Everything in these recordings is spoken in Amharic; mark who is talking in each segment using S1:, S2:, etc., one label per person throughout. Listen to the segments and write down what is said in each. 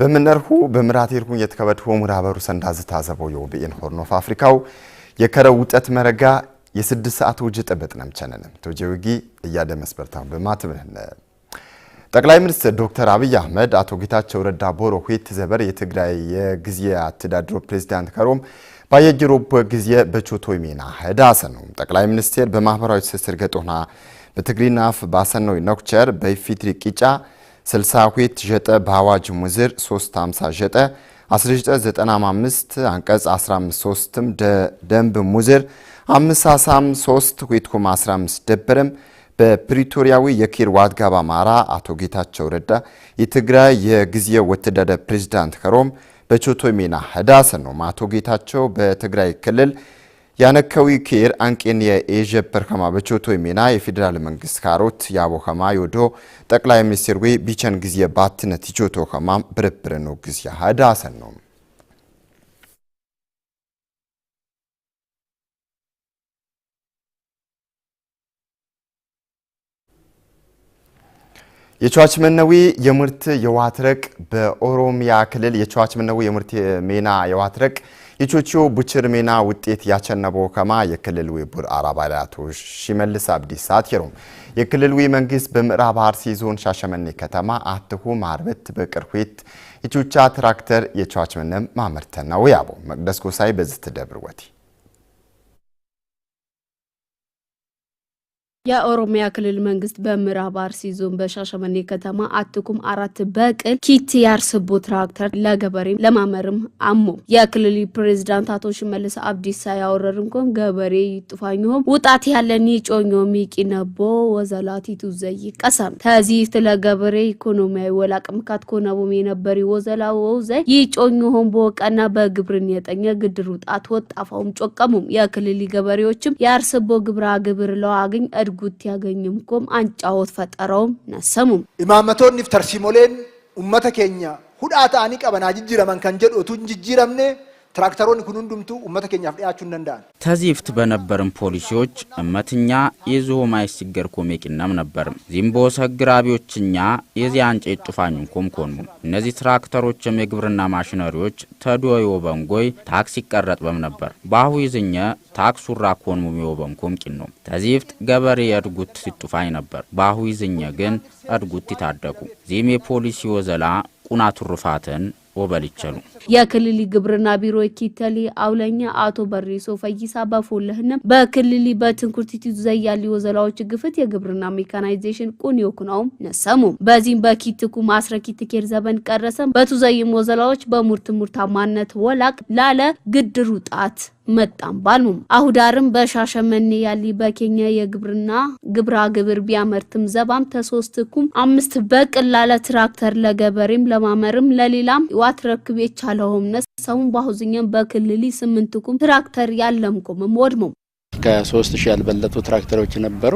S1: በምነርሁ በምራት ይርኩኝ የተከበድሆ ሙራበሩ ሰንዳ ዝታዘበው የወብኤን ሆርን ኦፍ አፍሪካው የከረው ውጠት መረጋ የስድስት ሰዓት ውጅ ጥብጥ ነምቸነንም ቶጄ ውጊ እያደመስበርታን በማትብህነ ጠቅላይ ሚኒስትር ዶክተር አብይ አህመድ አቶ ጌታቸው ረዳ ቦሮ ሁት ዘበር የትግራይ የጊዜ አትዳድሮ ፕሬዚዳንት ከሮም ባየጅሮ ጊዜ በቾቶ ሜና ህዳሰ ነው ጠቅላይ ሚኒስትር በማህበራዊ ትስስር ገጦና በትግሪናፍ ባሰነው ኖክቸር በኢፌዴሪ ቂጫ 60 ኄት ሸጠ በአዋጅ ሙዝር 350 ዠጠ 1995 አንቀጽ 153 ደንብ ሙዝር 553 ኄትኩም 15 ደበረም በፕሪቶሪያዊ የኪር ዋድጋብ አማራ አቶ ጌታቸው ረዳ የትግራይ የጊዜው ወተዳደ ፕሬዝዳንት ከሮም በቾቶሜና ህዳስ ነው። አቶ ጌታቸው በትግራይ ክልል ያነከዊ ኬር አንቄን የኤዠፐር ከማ በቾቶ ሜና የፌዴራል መንግስት ካሮት ያቦ ከማ ዮዶ ጠቅላይ ሚኒስትር ዌ ቢቸን ጊዜ ባትነት ይቾቶ ከማ ብርብር ነው ጊዜ ያሃዳ አሰን ነው የቸዋች መነዊ የምርት የዋትረቅ በኦሮሚያ ክልል የቸዋች መነዊ የምርት ሜና የዋትረቅ ኢቾቾ ቡችርሜና ውጤት ያቸነበው ከማ የክልል ቡር አራባዳቱ ሽመልስ አብዲሳ አትየሩም የክልል መንግስት በምዕራብ አርሲ ዞን ሻሸመኔ ከተማ አትሁ ማርበት በቅርሁት የቾቻ ትራክተር የቻችመነ ማመርተናው ያቦ መቅደስ ጎሳይ በዝት ደብር ወቲ
S2: የኦሮሚያ ክልል መንግስት በምዕራብ አርሲ ዞን በሻሸመኔ ከተማ አትኩም አራት በቅል ኪት ያርስቦ ትራክተር ለገበሬ ለማመርም አሞ የክልል ፕሬዚዳንት አቶ ሽመልስ አብዲሳ ያወረርን ኮን ገበሬ ይጥፋኝሆም ውጣት ያለን ጮኞ ሚቂ ነቦ ወዘላቲቱ ዘይ ቀሰም ተዚህት ለገበሬ ኢኮኖሚያዊ ወላቅ ምካት ኮነቦም የነበሪ ወዘላ ዘይ ይጮኞሆም በወቀና በግብርን የጠኘ ግድር ውጣት ወጣፋውም ጮቀሙም የክልል ገበሬዎችም ያርስቦ ግብራ ግብር ለዋግኝ አድርጉት ያገኝምኮም አንጫወት ፈጠረውም ነሰሙም
S3: ኢማመቶኒፍ ተርሲሞሌን ኡመተ ኬኛ ሁዳታኒ ቀበና ጅጅረመን ከን ጀዱ ጅጅረምኔ ትራክተሮን ኩን ሁንዱምቱ ኡመተ ኬኛፍ ዲያቹ እንደንዳን
S4: ተዚፍት በነበርም ፖሊሲዎች እመትኛ የዞማይ ሲገር ኮሜቂናም ነበር ዚምቦ ሰግራቢዎችኛ የዚያን ጥፋኝ ጩፋኝን ኮኑ እነዚህ ትራክተሮችም የግብርና ማሽነሪዎች ተዶዮ በንጎይ ታክስ ይቀረጥበም ነበር ባሁ ይዝኘ ታክሱ ራ ኮንሙ ሚወበም ኮምቂን ተዚፍት ገበሬ እድጉት ሲጥፋኝ ነበር ባሁ ይዝኘ ግን እድጉት ይታደቁ ዚሜ ፖሊሲ ወዘላ ቁናቱ ትሩፋትን ወበልቸሉ
S2: የክልሊ ግብርና ቢሮ ኪተሊ አውለኛ አቶ በሬሶ ፈይሳ በፎለህነ በክልሊ በትንኩርቲቱ ዘያሊ ወዘላዎች ግፍት የግብርና ሜካናይዜሽን ቁን ይኩናው ነሰሙ በዚህም በኪትኩ ማስረኪት ኬር ዘበን ቀረሰም በቱዘይም ወዘላዎች በሙርት ሙርታማነት ወላቅ ላለ ግድሩ ጣት መጣም ባልሙም አሁዳርም በሻሸመኔ ያሊ በኬኛ የግብርና ግብራ ግብር ቢያመርትም ዘባም ተሶስትኩም አምስት በቅላለ ትራክተር ለገበሬም ለማመርም ለሌላም ዋትረክቤቻ አልሆምነ ነሰውን ባሁዝኛም በክልሊ ስምንትኩም ትራክተር ያለምኩም ወድሞም
S5: ከሶስት ሺህ ያልበለጡ ትራክተሮች ነበሩ።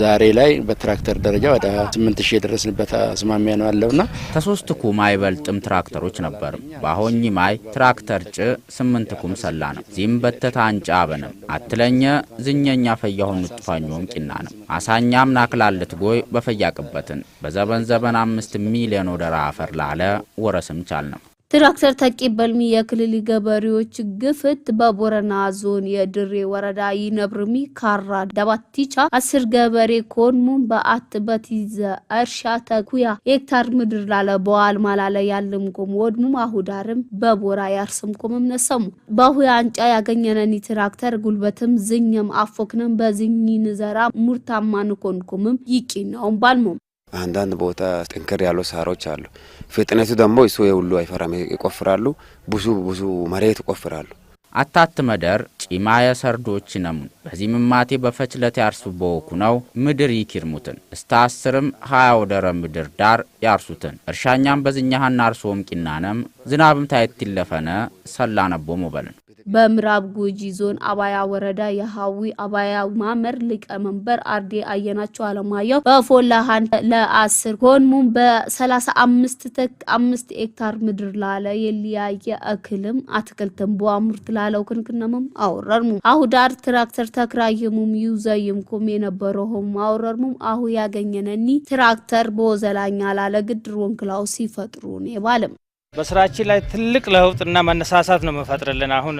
S5: ዛሬ ላይ በትራክተር ደረጃ ወደ ስምንት ሺህ የደረስንበት አስማሚያ ነው ያለውና
S4: ከሶስት ኩማ አይበልጥም ትራክተሮች ነበር በአሆኝ ማይ ትራክተር ጭ ስምንት ኩም ሰላ ነው ዚህም በተታ አንጫ አበንም አትለኘ ዝኘኛ ፈያሁን ጥፋኞም ወንቂና ነው አሳኛም ናክላለት ጎይ በፈያቅበትን በዘበን ዘበን አምስት ሚሊዮን ወደራ አፈር ላለ ወረስም ቻል ነው
S2: ትራክተር ተቂበልሚ የክልል ገበሬዎች ግፍት በቦረና ዞን የድሬ ወረዳ ይነብርሚ ካራ ደባቲቻ አስር ገበሬ ኮንሙ በአት በቲዘ እርሻ ተኩያ ሄክታር ምድር ላለ በዋል ማላለ ያልም ጎም ወድሙም አሁዳርም በቦራ ያርስም ኮምም ነሰሙ በአሁ አንጫ ያገኘነኒ ትራክተር ጉልበትም ዝኝም አፎክነም በዝኝ ንዘራ ሙርታማ ንኮንኩምም ይቂ ነውም ባልሞም
S6: አንዳንድ ቦታ ጥንክር ያሉ ሳሮች አሉ። ፍጥነቱ ደግሞ እሱ የሁሉ አይፈራም። ይቆፍራሉ፣ ብዙ ብዙ መሬት ይቆፍራሉ።
S4: አታት መደር ጪማየ የሰርዶች ነሙን በዚህ ምማቴ በፈችለት ያርሱ በወኩ ነው ምድር ይኪርሙትን እስተ አስርም ሀያ ወደረ ምድር ዳር ያርሱትን እርሻኛም በዝኛህና አርሶ ወምቂናነም ዝናብም ታየት ይለፈነ ሰላ ነቦ ሞበልን
S2: በምዕራብ ጉጂ ዞን አባያ ወረዳ የሀዊ አባያ ማመር ሊቀመንበር አርዴ አየናቸው አለማየሁ በፎላሃን ለአስር ጎንሙም በሰላሳ አምስት ተክ አምስት ሄክታር ምድር ላለ የሊያየ አክልም አትክልትም በአምርት ላለው ክንክነምም አውረርሙ አሁዳር ትራክተር ተክራየሙም ይውዘይምኩም የነበረውም አውረርሙም አሁ ያገኘነኒ ትራክተር በወዘላኛ ላለ ግድር ወንክላው ሲፈጥሩን ባለም
S7: በስራችን ላይ ትልቅ ለውጥና መነሳሳት ነው የምፈጥርልን። አሁን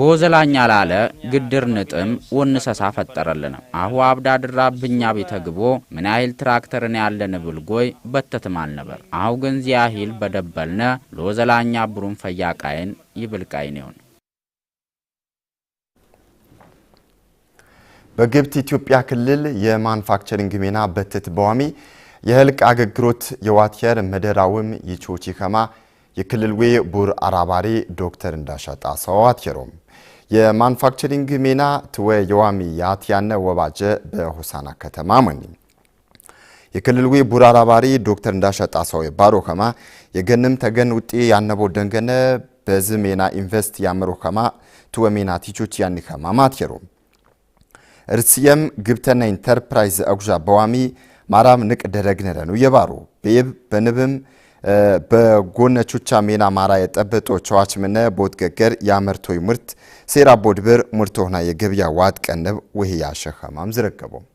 S4: ቦዘላኛ ላለ ግድር ንጥም ወንሰሳ ፈጠረልን አሁ አብዳ ድራ ብኛ ቤተ ግቦ ምን ያህል ትራክተርን ያለን ብልጎይ በተትም አልነበር አሁ ግን ዚያሂል በደበልነ ለወዘላኛ ብሩን ፈያቃይን ይብልቃይን ይሁን
S1: በግብት ኢትዮጵያ ክልል የማንፋክቸሪንግ ሜና በትት በዋሚ የህልቅ አገግሮት የዋትየር መደራውም ይቾቺ ከማ የክልል ዌ ቡር አራባሪ ዶክተር እንዳሻጣ ሰዋት የሮም የማንፋክቸሪንግ ሜና ትወ የዋሚ ያት ያነ ወባጀ በሆሳና ከተማ መኒ የክልል ዌ ቡር አራባሪ ዶክተር እንዳሻጣ ሰው የባሮ ከማ የገንም ተገን ውጤ ያነቦ ደንገነ በዝ ሜና ኢንቨስት ያምሮ ከማ ትወ ሜና ቲቾች ያኒ ከማ ማት የሮም እርስየም ግብተና ኢንተርፕራይዝ አጉዣ በዋሚ ማራም ንቅ ደረግነረኑ የባሩ በየብ በንብም በጎነ ቹቻ ሜና ማራ የጠበጦ ቸዋች ምነ ቦት ገገር ያመርቶይ ምርት ሴራ ቦድብር ብር ሆና የገብያ ዋት ቀንብ ውህ ያሸኸማም ዝረገቦም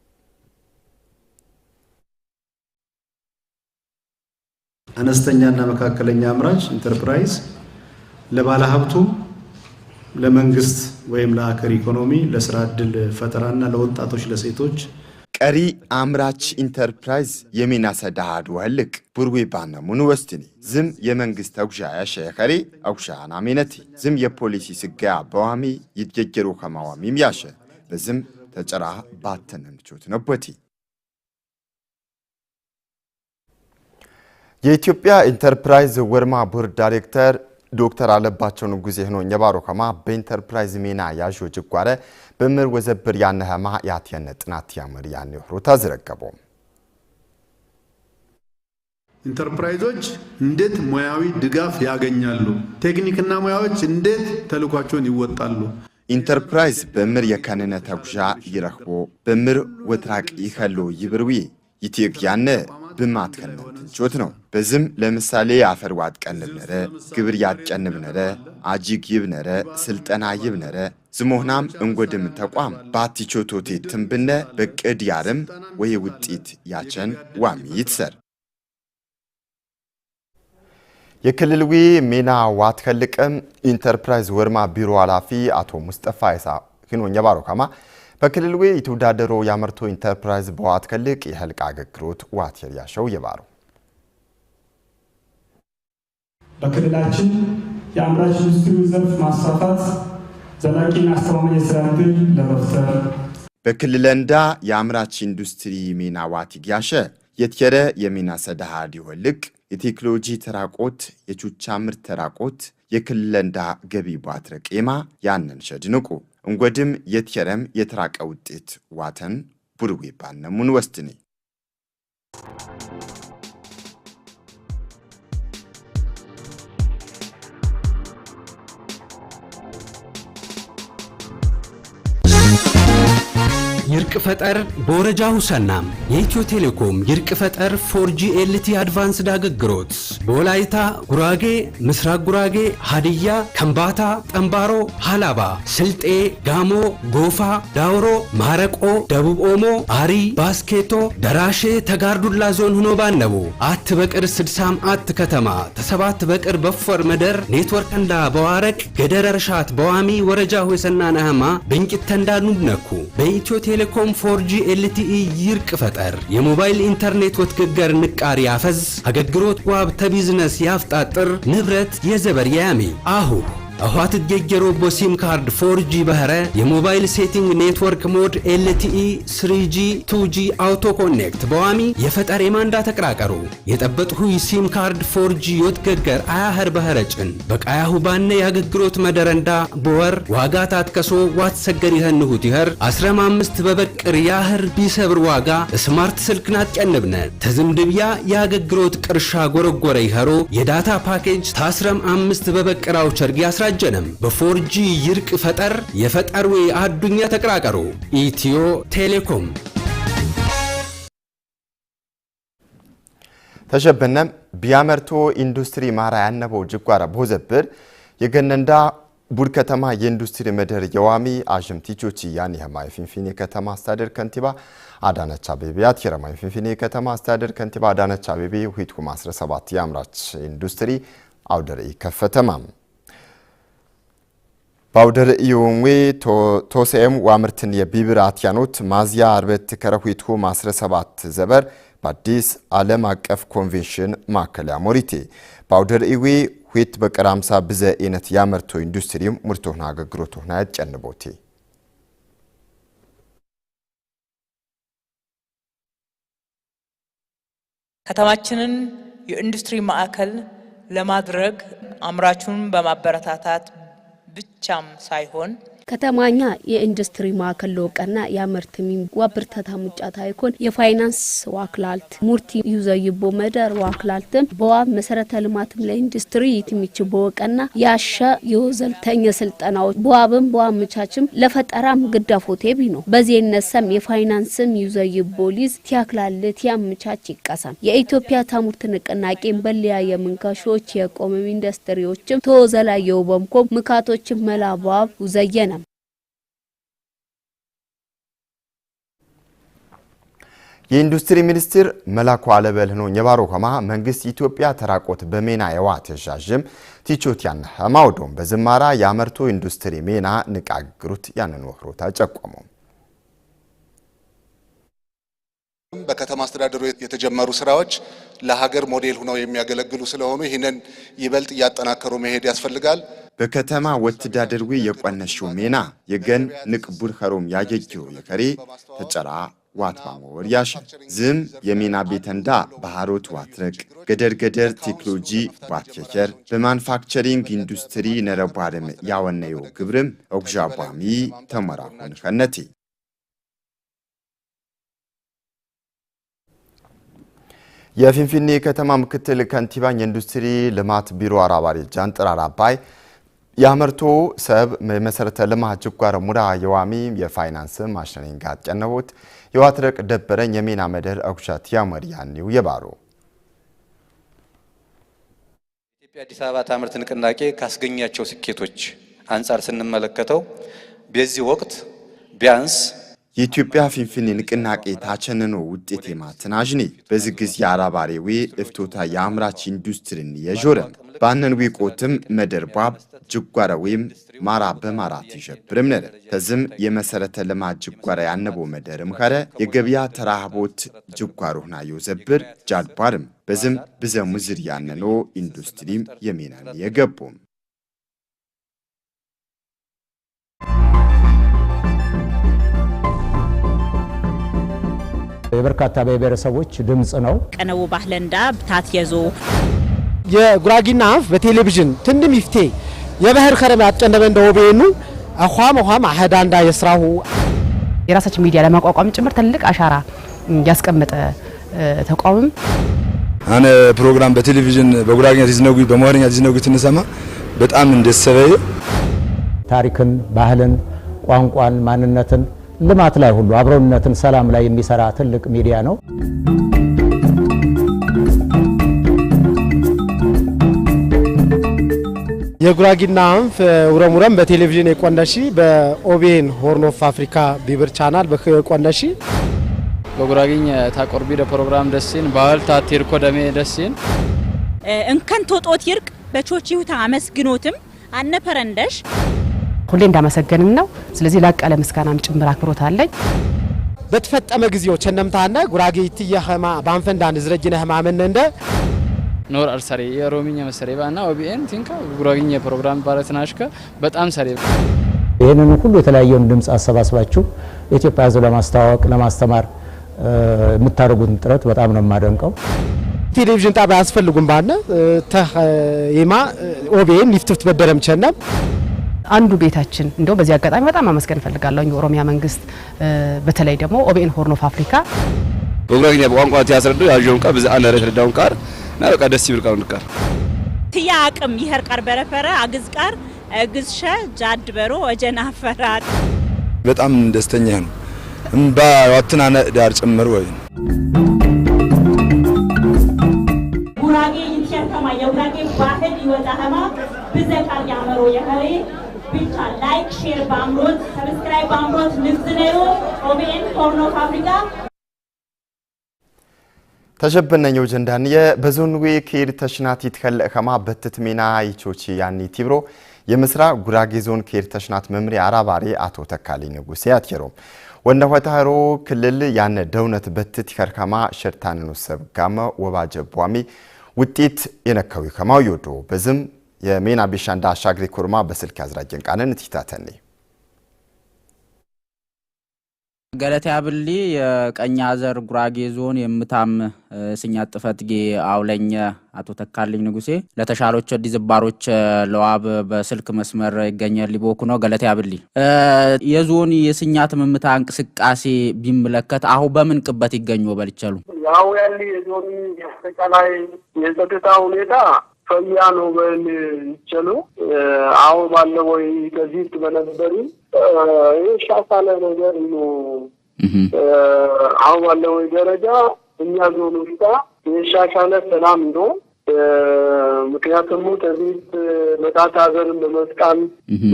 S8: አነስተኛና መካከለኛ አምራች ኢንተርፕራይዝ ለባለሀብቱም ለመንግስት ወይም ለአከር ኢኮኖሚ ለስራ ዕድል ፈጠራና ለወጣቶች ለሴቶች
S1: ቀሪ አምራች ኢንተርፕራይዝ የሚናሰ ዳሃድ ወህልቅ ቡርዌ ባነሙን ወስትኒ ዝም የመንግስት አጉሻ ሸኸሬ አጉሻ ሜነቲ ዝም የፖሊሲ ስጋያ በዋሚ ይጀጀሩ ከማዋሚም ያሸ በዝም ተጨራ ባተነ ምቾት ነቦቲ የኢትዮጵያ ኢንተርፕራይዝ ወርማ ቡር ዳይሬክተር ዶክተር አለባቸው ንጉዜ ሆኖ የባሮ ከማ በኢንተርፕራይዝ ሜና ያዦ ጅጓረ ብምር ወዘብር ያነኸማ ያትየነ ጥናት ያምር ያን ሩታ ዝረገቦ
S9: ኢንተርፕራይዞች እንዴት ሙያዊ ድጋፍ ያገኛሉ? ቴክኒክና ሙያዎች እንዴት ተልኳቸውን ይወጣሉ?
S1: ኢንተርፕራይዝ በምር የከነነ ተጉዣ ይረኽቦ በምር ወትራቅ ይኸሎ ይብርዊ ይትግ ያነ ብማትከነብ ትንቾት ነው በዝም ለምሳሌ የአፈር አፈር ዋትቀንብ ነረ ግብር ያትጨንብ ነረ አጂግ ይብ ነረ ስልጠና ይብ ነረ ዝሞህናም እንጎድም ተቋም ባቲቾቶቴ ትንብነ በቅድ ያርም ወይ ውጢት ያቸን ዋሚ ይትሰር የክልልዊ ሜና ዋትከልቅም ኢንተርፕራይዝ ወርማ ቢሮ ኃላፊ አቶ ሙስጠፋ ይሳ ኪኖኛ ባሮካማ በክልል ዌ የተወዳደሮ ያመርቶ ኢንተርፕራይዝ በዋት ከልቅ የህልቅ አገልግሎት ዋት የያሸው የባሩ
S8: በክልላችን የአምራች ኢንዱስትሪ ዘርፍ ማስፋፋት ዘላቂና አስተማማኝ የስራ ዕድል ለመፍጠር
S1: በክልለንዳ የአምራች ኢንዱስትሪ ሚና ዋት ይግያሸ የትየረ የሚና ሰዳሃ ዲሆልቅ የቴክኖሎጂ ተራቆት የቹቻ ምርት ተራቆት የክልለንዳ ገቢ ቧትረ ያንን ሸድንቁ እንጎድም የትየረም የትራቀ ውጤት ዋተን ቡርዌ ባነሙን ወስትኒ
S10: ይርቅ ፈጠር በወረጃ ሁሰናም የኢትዮ ቴሌኮም ይርቅ ፈጠር ፎርጂ ኤልቲ አድቫንስድ አገልግሎት በወላይታ ጉራጌ፣ ምስራቅ ጉራጌ፣ ሀዲያ፣ ከምባታ፣ ጠምባሮ፣ ሃላባ ስልጤ፣ ጋሞ፣ ጎፋ፣ ዳውሮ፣ ማረቆ፣ ደቡብ ኦሞ፣ አሪ፣ ባስኬቶ፣ ደራሼ፣ ተጋርዱላ ዞን ሆኖ ባነቡ አት በቅር ስድሳም አት ከተማ ተሰባት በቅር በፎር መደር ኔትወርክ እንዳ በዋረቅ ገደረ ርሻት በዋሚ ወረጃ ሆሰና ናህማ ተንዳኑ ነኩ በኢትዮ ቴሌ ቴሌኮም ፎርጂ ኤልቲኢ ይርቅ ፈጠር የሞባይል ኢንተርኔት ወትግገር ንቃር ያፈዝ አገልግሎት ዋብ ተቢዝነስ ያፍጣጥር ንብረት የዘበር ያሚ አሁ አሁን ትገጀሮ በሲም ካርድ 4G በህረ የሞባይል ሴቲንግ ኔትወርክ ሞድ LTE 3G 2G አውቶ ኮኔክት በዋሚ የፈጠር የማንዳ ተቀራቀሩ የጠበጥሁ ሁይ ሲም ካርድ 4G ዮትገገር አያህር በህረ ጭን በቃያሁ ባነ የአገግሮት መደረንዳ በወር ዋጋ ታትከሶ ዋት ሰገር ይኸንሁት ይኸር 15 በበቅር ያህር ቢሰብር ዋጋ ስማርት ስልክን ቀንብነ ተዝምድብያ የአገግሮት ቅርሻ ጎረጎረ ይኸሮ የዳታ ፓኬጅ ታስረም አምስት በበቅራው ቸርጊ አልተዘጋጀንም። በፎርጂ ይርቅ ፈጠር የፈጠርዌ አዱኛ ተቀራቀሩ። ኢትዮ ቴሌኮም
S1: ተሸበነም ቢያመርቶ ኢንዱስትሪ ማራ ያነበው ጅጓራ ቦዘብር የገነንዳ ቡድ ከተማ የኢንዱስትሪ መደር የዋሚ አዥምቲቾች ያን የማይ ፊንፊኔ ከተማ አስተዳደር ከንቲባ አዳነች አቤቤ አትየረማይ ፊንፊኔ ከተማ አስተዳደር ከንቲባ አዳነች አቤቤ ሁይትኩም 17 የአምራች ኢንዱስትሪ አውደር ይከፈተማም ባውደር ኢዮንዌ ቶሴም ዋምርትን የቢብር አትያኖት ማዝያ አርበት ከረዊትሁ ማስረ ሰባት ዘበር በአዲስ ዓለም አቀፍ ኮንቬንሽን ማዕከልያ ሞሪቴ ባውደር ኢዌ ሁት በቀራምሳ ብዘ ኤነት ያመርቶ ኢንዱስትሪም ምርቶና አገልግሎቶና ያጨንቦቴ
S11: ከተማችንን የኢንዱስትሪ ማዕከል ለማድረግ አምራቹን በማበረታታት ብቻም ሳይሆን
S2: ከተማኛ የኢንዱስትሪ ማዕከል ለወቀና ያመርትሚ ዋብርተታ ሙጫታ ታይኮን የፋይናንስ ዋክላልት ሙርቲ ዩዘይቦ መደር ዋክላልትም በዋ መሰረተ ልማትም ለኢንዱስትሪ ይትሚች በወቀና ያሸ የወዘልተኛ ስልጠናዎች በዋብም በዋ ምቻችም ለፈጠራም ግዳፎቴቢ ነው በዚህ ነሰም የፋይናንስም ዩዘይቦ ሊዝ ቲያክላልት ያምቻች ይቀሳም የኢትዮጵያ ታሙርት ንቅናቄን በሊያ የምንካሾች የቆመም ኢንዱስትሪዎችም ተወዘላየው በምኮ ምካቶችም መላባብ ውዘየና
S1: የኢንዱስትሪ ሚኒስትር መላኩ አለበል አለበልህኖ የባሮ ከማ መንግስት ኢትዮጵያ ተራቆት በሜና የዋ ዣዥም ቲቾት ያን ኸማውዶም በዝማራ ያመርቶ ኢንዱስትሪ ሜና ንቃግሩት ያንን ወህሮታ ጨቆሙ
S12: በከተማ አስተዳደሩ የተጀመሩ ስራዎች ለሀገር ሞዴል ሆነው የሚያገለግሉ ስለሆኑ ይህንን ይበልጥ እያጠናከሩ መሄድ ያስፈልጋል።
S1: በከተማ ወትዳደርዊ የቆነሽው ሜና የገን ንቅቡድ ኸሮም ያጀጊው የከሬ ተጨራ ዋት ማወር ያሻል ዝም የሚና ቤተንዳ ባህሮት ዋትረቅ ገደር ገደር ቴክኖሎጂ ዋትቸቸር በማንፋክቸሪንግ ኢንዱስትሪ ነረቧርም ያወነየው ግብርም ኦግዣቧሚ ተመራሁን ከነቴ የፊንፊኔ ከተማ ምክትል ከንቲባን የኢንዱስትሪ ልማት ቢሮ አራባሪ ጃንጥራር አባይ የአመርቶ ሰብ መሰረተ ልማት ጅጓር ሙዳ የዋሚ የፋይናንስ ማሽነሪን ጋር ጨነቦት የዋትረቅ ደበረኝ የሜና መደር አኩሻት ያመር ያኒው የባሩ
S13: ኢትዮጵያ አዲስ አበባ ታምርት ንቅናቄ ካስገኛቸው ስኬቶች አንጻር ስንመለከተው በዚህ ወቅት ቢያንስ
S1: የኢትዮጵያ ፊንፊኔ ንቅናቄ ታቸንኖ ውጤት የማትናዥኔ በዚ ጊዜ የአራባሬዌ እፍቶታ የአምራች ኢንዱስትሪን የዦረን ባነን ዊቆትም መደርባብ ጅጓረ ወይም ማራ በማራት ይሸብርም ነረ ከዝም የመሰረተ ልማት ጅጓረ ያነቦ መደርም ኸረ የገቢያ ተራህቦት ጅጓሮህና የውዘብር ጃድቧርም በዝም ብዘ ሙዝር ያነኖ ኢንዱስትሪም የሜናን የገቡም
S14: የበርካታ ብሔረሰቦች ድምፅ ነው።
S15: ቀነው ባህለንዳ ብታት የዞ
S16: የጉራጊና አፍ በቴሌቪዥን ትንድም ይፍቴ የባህር ከረም ያጨነበ እንደ ወቤኑ አኳም አኳም አህዳንዳ የስራሁ
S17: የራሳችን ሚዲያ ለማቋቋም ጭምር ትልቅ አሻራ ያስቀመጠ ተቋምም
S18: አነ ፕሮግራም በቴሌቪዥን በጉራጊኛ ዲዝነጉ በመሆንኛ ዲዝነጉ ትንሰማ በጣም እንደሰበየ
S19: ታሪክን፣ ባህልን፣ ቋንቋን፣ ማንነትን ልማት ላይ ሁሉ አብሮነትን፣ ሰላም ላይ የሚሰራ ትልቅ ሚዲያ ነው።
S20: የጉራጊና አንፍ ውረሙረም በቴሌቪዥን የቆነሺ በኦቤን ሆርን ኦፍ አፍሪካ ቢብር ቻናል በቆነሺ
S21: በጉራጊኝ ታቆርቢ ፕሮግራም ደሲን ባህል ታቴርኮ ደሜ ደሲን
S22: እንከን ቶጦት ይርቅ በቾቺሁ አመስግኖትም አነፈረንደሽ
S23: ሁሌ እንዳመሰገንን ነው። ስለዚህ ላቅ ያለ ምስጋናም ጭምር አክብሮት አለኝ።
S24: በተፈጠመ ጊዜው ቸነምታና ጉራጌ ይትየ ኸማ ባንፈንዳ ንዝረጅነ ህማምን እንደ
S25: ኖር አርሰሪ የሮሚኛ መሰሪ ባና ኦቢኤን ቲንካ ጉራጌኛ ፕሮግራም ባለትናሽከ በጣም ሰሪ
S26: ይህንን ሁሉ የተለያየውን ድምፅ አሰባስባችሁ ኢትዮጵያ ህዝብ ለማስተዋወቅ ለማስተማር የምታደርጉትን ጥረት በጣም ነው የማደንቀው።
S27: ቴሌቪዥን ጣቢያ አያስፈልጉም ባነ ተማ ኦቢኤን ሊፍትፍት በደረም ቸነም
S28: አንዱ ቤታችን እንደው በዚህ አጋጣሚ በጣም አመስገን እፈልጋለሁ የኦሮሚያ መንግስት፣ በተለይ ደግሞ ኦቤን ሆርን ኦፍ አፍሪካ
S29: በጉራግኛ በቋንቋ ያስረዳው ያዥውን ቃል በዛ አነረ የተረዳውን ቃል ና በቃ ደስ ይብል ቃል ንቃር
S30: ትያ አቅም ይሄር ቃር በረፈረ አግዝ ቃር እግዝሸ ጃድ በሮ ወጀና ፈራር
S31: በጣም ደስተኛ ነው እምባ ዋትናነ ዳር ጭምር ወይ
S32: ጉራጌ ይቸርከማ የጉራጌ ባህል ይወጣ ህማ ብዘቃር ያመሮ የኸሬ ብቻ ላይክ ሼር በአምሮት ሰብስክራይብ በአምሮት ንዝነዩ ኦቤን ሆርኖ ፋብሪካ
S1: ተሸበነኞ ጀንዳንየ በዞንዌ ኬድ ተሽናት ይትከልእ ኸማ በትት ሜና ይቾቺ ያኒ ቲብሮ የምስራ ጉራጌ ዞን ኬድ ተሽናት መምሪያ አራባሪ አቶ ተካሊ ንጉሴ አትየሮም ወነሆታሮ ክልል ያነ ደውነት በትት ይከርከማ ሸርታንን ውሰብ ጋመ ወባጀ ቧሚ ውጤት የነካዊ ኸማው ይወዶ በዝም የሜና ቢሻንዳ አሻግሪ ኩርማ በስልክ ያዝራጀን ቃንን ትታተኒ
S23: ገለቴ አብሊ የቀኛ ዘር ጉራጌ ዞን የምታም ስኛት ጌ አውለኝ አቶ ተካልኝ ንጉሴ ለተሻሎች ዲ ዝባሮች ለዋብ በስልክ መስመር ይገኛል ሊቦኩ ነው። ገለቴ አብሊ የዞን የስኛት ምምታ እንቅስቃሴ ቢመለከት አሁ በምን ቅበት ይገኙ በልቸሉ
S33: ያው ያሊ የዞን አጠቃላይ የጸጥታ ሁኔታ ፈያ ነው በል ይቸሉ አሁ ባለ ወይ ከዚህ በነበሪ የሻሳለ ነገር ነው አዎ ባለ ወይ ደረጃ እኛ ዞኑ ውስጥ የሻሻለ ሰላም ነው ምክንያቱም ከዚህ መጣት ሀገርን በመስቃን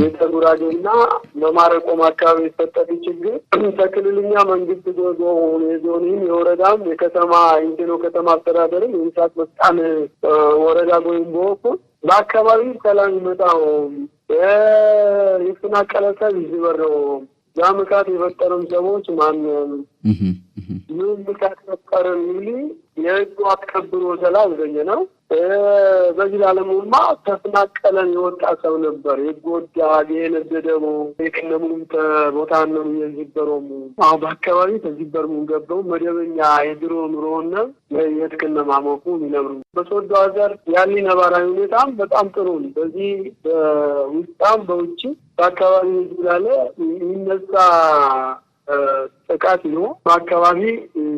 S33: የተጉራጌና መማረቆም አካባቢ የፈጠሪ ችግር ከክልልኛ መንግስት ዞዞ የዞንም የወረዳም የከተማ ኢንቴኖ ከተማ አስተዳደርም የምስራቅ መስቃን ወረዳ ጎይም በወቁ በአካባቢ ሰላም ይመጣው የተፈናቀለ ሰብ ይዝበረው ያ ምካት የፈጠረም ሰዎች ማንም ምን ምካት ፈጠረ ሚሊ የህጉ አስከብሮ ሰላም አልገኘ ነው በዚህ ላለሙማ ተፈናቀለ የወጣ ሰው ነበር የጎዳ የነደደሙ የክነሙ ቦታነሙ የዚበሮሙ አሁ በአካባቢ ተዚበርሙ ገብረው መደበኛ የድሮ ኑሮና የትክነ ማሞቁ ይነብሩ በሶዶ ሀገር ያለ ነባራዊ ሁኔታም በጣም ጥሩ ነው። በዚህ በውስጣም በውጭ በአካባቢ ላለ የሚነሳ ጥቃት ነው። በአካባቢ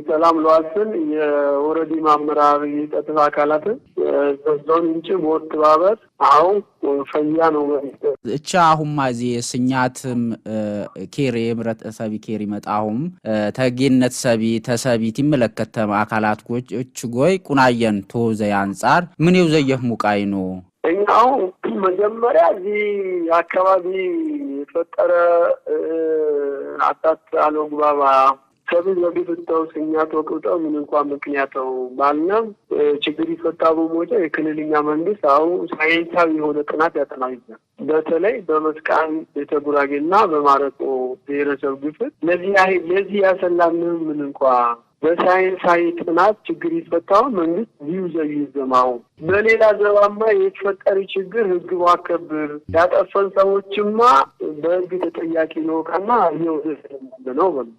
S33: ሰላም ለዋስን የወረዲ ማምራር የጸጥታ አካላትን በዞን እንጭ ሞት ባበር አሁ ፈያ ነው
S24: እቻ አሁማ እዚ ስኛትም ኬሪ ህብረተሰቢ ኬሪ መጣሁም ተጌነት ሰቢ ተሰቢት ይመለከተም አካላት ጎች እች ጎይ ቁናየን ቶ ዘይ አንጻር ምን የው ዘየህ ሙቃይ ነው
S33: እኛ አሁን መጀመሪያ እዚህ አካባቢ የፈጠረ አጣት አለመግባባ ከዚህ በፊት እንተው ስኛ ቅብጠው ምን እንኳን ምክንያተው ባልነም ችግር ይፈታ በሞጫ የክልልኛ መንግስት አሁን ሳይንሳዊ የሆነ ጥናት ያጠናይዛል። በተለይ በመስቃን ቤተጉራጌና በማረቆ ብሔረሰብ ግፍት ለዚህ ለዚህ ያሰላምንም ምን እንኳ በሳይንሳዊ ጥናት ችግር ይፈታው መንግስት ዚሁ ዘዩ ዘማው በሌላ ዘባማ የተፈጠሪ ችግር ህግ ባከብር ያጠፈን ሰዎችማ በህግ ተጠያቂ ነው ካና ይው ነው በሉ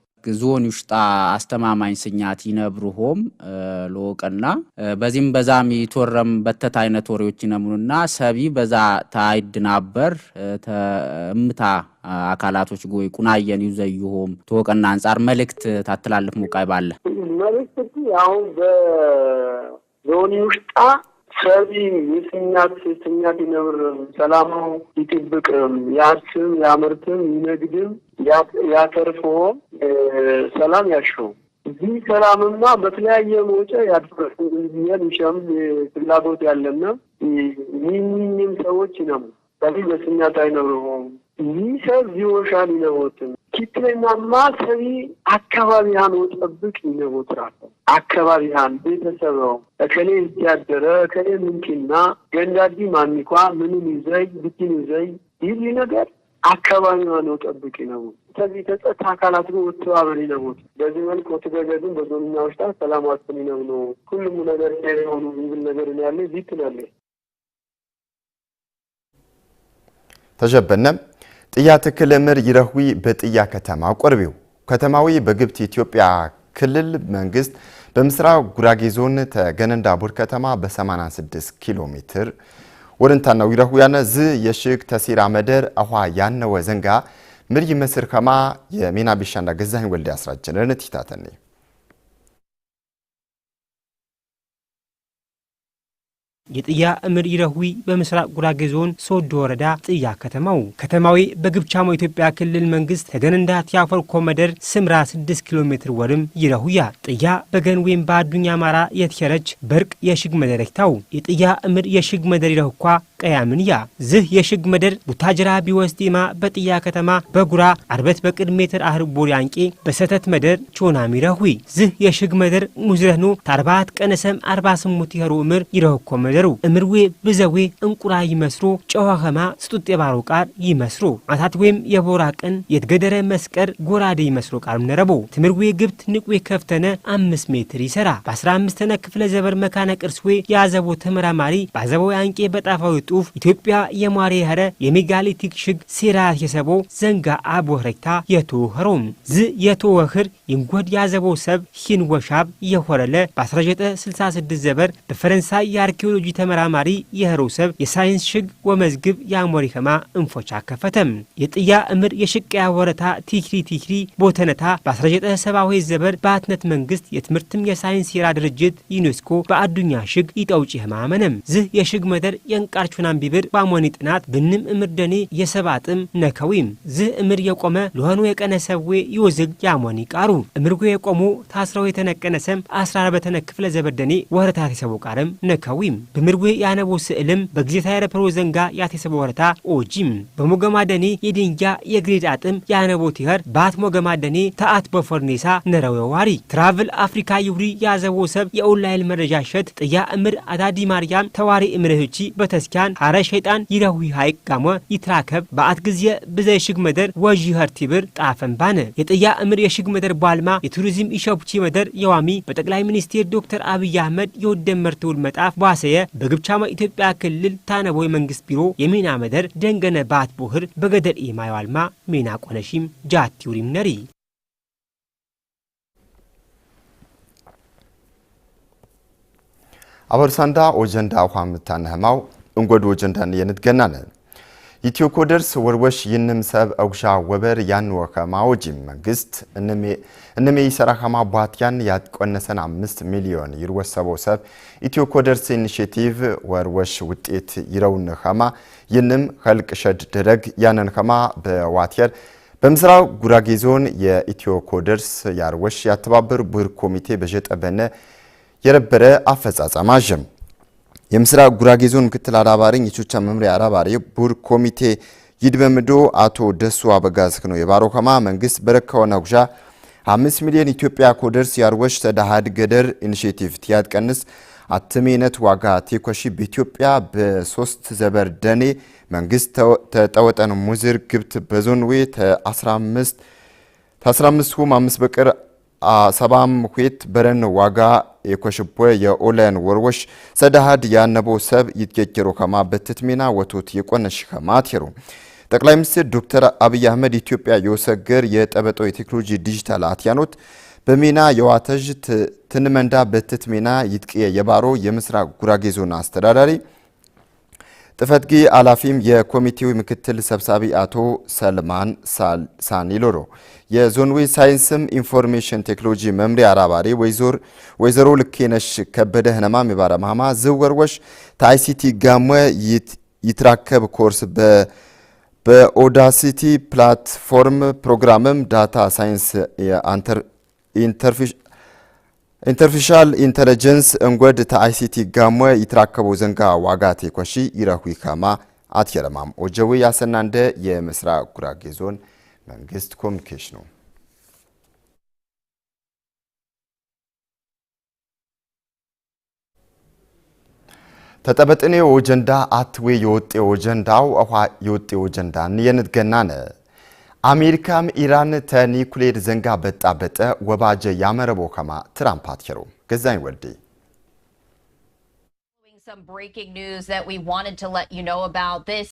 S24: ዞን ውሽጣ አስተማማኝ ስኛት ይነብሩ ሆም ለወቀና በዚህም በዛም ይቶረም በተት አይነት ወሬዎች ይነምኑና ሰቢ በዛ ታይድ ናበር እምታ አካላቶች ጎይ ቁናየን ይዘዩ ሆም ተወቀና አንጻር መልእክት ታትላልፍ ሙቃይ ባለ
S33: መልእክት አሁን በዞን ውሽጣ ሰቢ ምስኛት ስስኛት ይነብር ሰላሙ ይጥብቅም ያስም ያምርትም ይነግድም ያተርፎ ሰላም ያሸው እዚህ ሰላምማ በተለያየ መውጫ ያድረስ የሚሸም ፍላጎት ያለና ይህኝም ሰዎች ነው። ሰቢ ምስኛት አይነብርሆም ይህ ሰብ ዚወሻን ይነቦትን ኪትለኛማ ሰቢ አካባቢህን ወጠብቅ ይነቦት ራለ አካባቢህን ቤተሰበው እከሌ እዚያደረ እከሌ ምንኪና ገንዳዲ ማሚኳ ምንም ይዘይ ብትን ይዘይ ይህ ነገር አካባቢዋን ወጠብቅ ይነቦት ከዚህ ተጸጥታ አካላት ግን ወተባበር ይነቡት በዚህ መልክ ወተገገዝም በዞንኛ ውሽጣ ሰላማትን ይነብ ነው ሁሉም ነገር የሆኑ ይብል ነገር ያለ ዚትናለ
S1: ተሸበነም ጥያ ትክል እምር ይረህዊ በጥያ ከተማ ቆርቤው ከተማዊ በግብት ኢትዮጵያ ክልል መንግስት በምስራቅ ጉራጌ ዞን ተገነንዳ ቡር ከተማ በ86 ኪሎ ሜትር ወርንታናው ይረሁ ያነ ዝ የሽግ ተሲራ መደር አኋ ያነወ ዘንጋ ምር ይመስር ከማ የሜና ቢሻንዳ ገዛኝ ወልዲ አስራጀነ ቲታተኔ
S10: የጥያ እምር ይረሁይ በምስራቅ ጉራጌ ዞን ሶዶ ወረዳ ጥያ ከተማው ከተማዊ በግብቻሞ ኢትዮጵያ ክልል መንግስት ተገንንዳ ቲያፈር ኮመደር ስምራ 6 ኪሎ ሜትር ወርም ይረሁያ ጥያ በገን ወይም በአዱኛ አማራ የትሸረች በርቅ የሽግ መደረክታው የጥያ እምር የሽግ መደር ይረሁኳ ቀያምንያ ዝህ የሽግ መደር ቡታጅራ ቢወስጢማ በጥያ ከተማ በጉራ አርበት በቅድ ሜትር አህር ቦር ያንቂ በሰተት መደር ቾናሚ ረሁይ ዝህ የሽግ መደር ሙዝረህኑ ታርባት ቀነሰም አርባ ስሙት የሩ እምር ይረህኮ መደሩ እምርዌ ብዘዌ እንቁራ ይመስሩ ጨዋኸማ ስጡጥ የባሮ ቃር ይመስሩ አታት ወይም የቦራ ቅን የትገደረ መስቀር ጎራደ ይመስሩ ቃር ምነረቦ ትምርዌ ግብት ንቁዌ ከፍተነ አምስት ሜትር ይሰራ በአስራ አምስተነ ክፍለ ዘበር መካነ ቅርስዌ የአዘቦ ተመራማሪ በአዘቦ ያንቄ በጣፋዊ ጡፍ ኢትዮጵያ የማሬ ኸረ የሜጋሊቲክ ሽግ ሴራት የሰቦ ዘንጋ አብ ወህረይታ የተወኸሮም ዝ የተወኽር ይንጎድ ያዘቦ ሰብ ሂን ወሻብ የሆረለ በ1966 ዘበር በፈረንሳይ የአርኪኦሎጂ ተመራማሪ የኸረው ሰብ የሳይንስ ሽግ ወመዝግብ የአሞሪ ኸማ እንፎቻ ከፈተም የጥያ እምር የሽቀያ ወረታ ቲክሪ ቲክሪ ቦተነታ በ1970 ዘበር በአትነት መንግስት የትምህርትም የሳይንስ ሴራ ድርጅት ዩኔስኮ በአዱኛ ሽግ ይጠውጪ ህማመነም ዝህ የሽግ መደር የንቃርቹ ቹናም ቢብር ባሞኒ ጥናት ብንም እምር ደኔ የሰባጥም ነከዊም ዝህ እምር የቆመ ለሆኑ የቀነሰዌ ይወዝግ ያሞኒ ቃሩ እምርጎ የቆሙ ታስረው የተነቀነሰም አስራ በተነ ክፍለ ዘበደኔ ወረታት የሰቦ ቃርም ነከዊም ብምርጎ ያነቦ ስዕልም በጊዜታ ታየረፐሮ ዘንጋ ያቴሰቦ ወረታ ኦጂም በሞገማ ደኔ የድንጃ የግሬድ አጥም ያነቦ ቲኸር በአት ሞገማ ደኔ ተአት በፎርኔሳ ነረወዋሪ ትራቭል አፍሪካ ይውሪ ያዘቦ ሰብ የኦንላይን መረጃ ሸት ጥያ እምር አዳዲ ማርያም ተዋሪ እምርህቺ በተስኪያ ሸይጣን አረ ሸይጣን ይረዊ ሀይቅ ጋሞ ይትራከብ በአት ጊዜ ብዘይ ሽግ መደር ወዥ ኸርቲ ብር ጣፈን ባነ የጥያ እምር የሽግ መደር ባልማ የቱሪዝም ኢሸብቺ መደር የዋሚ በጠቅላይ ሚኒስቴር ዶክተር አብይ አህመድ የወደም መርትውል መጣፍ ባሰየ በግብቻማ ኢትዮጵያ ክልል ታነቦ የመንግስት ቢሮ የሚና መደር ደንገነ ባት ቦህር በገደር ኢማይዋልማ ሜና ቆነሺም ጃቲውሪም ነሪ
S1: አበርሳንዳ ኦጀንዳ ውሃ ምታነህማው እንጎዶ ጀንዳንየንት ገናለ ኢትዮ ኮደርስ ወርወሽ ይንም ሰብ አጉሻ ወበር ያን ወከማ ወጂ መንግስት እነሜ ይሰራከማ ባትያን ያቆነሰን አምስት ሚሊዮን ይርወሰበው ሰብ ኢትዮ ኮደርስ ኢኒሽቲቭ ወርወሽ ውጤት ይረውን ከማ ይንም ኸልቅ ሸድ ድረግ ያነን ከማ በዋትየር በምስራቅ ጉራጌ ዞን የኢትዮ ኮደርስ ያርወሽ ያተባበር ብር ኮሚቴ በጀጠበነ የረበረ አፈጻጸም አጀም የምስራቅ ጉራጌ ዞን ምክትል አራባሪ የቾቻ መምሪያ አዳባሪ ቡር ኮሚቴ ይድበምዶ አቶ ደሱ አበጋዝ ነው የባሮከማ መንግስት በረከወና ነጉሻ 5 ሚሊዮን ኢትዮጵያ ኮደርስ ያርወሽ ተዳሃድ ገደር ኢኒሼቲቭ ቲያት አትሜነት ዋጋ ቴኮሺ በኢትዮጵያ በሶስት ዘበር ደኔ መንግስት ተጠወጠን ሙዝር ግብት በዞን ዌ ተ15 ተ15 ሁም 5 በቅር 70 ሁት በረን ዋጋ የኮሽፖ የኦላያን ወርወሽ ሰዳሃድ ያነቦ ሰብ ይትጌገሮ ከማ በትትሜና ወቶት የቆነሽ ከማ ቴሩ ጠቅላይ ሚኒስትር ዶክተር አብይ አህመድ ኢትዮጵያ የወሰገር የጠበጦ የቴክኖሎጂ ዲጂታል አትያኖት በሚና የዋተዥ ትንመንዳ በትትሜና ይትቅየ የባሮ የምስራቅ ጉራጌ ዞን አስተዳዳሪ ጥፈትጊ አላፊም የኮሚቴው ምክትል ሰብሳቢ አቶ ሰልማን ሳኒሎሮ የዞንዌ ሳይንስም ኢንፎርሜሽን ቴክኖሎጂ መምሪያ አራባሪ ወይዘሮ ልኬነሽ ከበደ ህነማ ሚባረ ማማ ዝወርወሽ ታይሲቲ ጋሞ ይትራከብ ኮርስ በ በኦዳሲቲ ፕላትፎርም ፕሮግራምም ዳታ ሳይንስ ኢንተርፊሽ ኢንተርፊሻል ኢንተለጀንስ እንጎድ ተአይሲቲ ጋሞ ይትራከቦ ዘንጋ ዋጋቴ ኮሺ ይረሁ ከማ አትየለማም ኦጀዊ ያሰናንደ የምስራቅ ጉራጌ ዞን መንግስት ኮሚኒኬሽኑ ተጠበጥኔ ኦጀንዳ አትዌ የወጤ ኦጀንዳው አኋ የወጤ ኦጀንዳን የንትገናነ አሜሪካም ኢራን ተኒኩሌር ዘንጋ በጣበጠ ወባጀ ያመረቦ ከማ ትራምፕ አትሸሩ ገዛኝ ወልዴ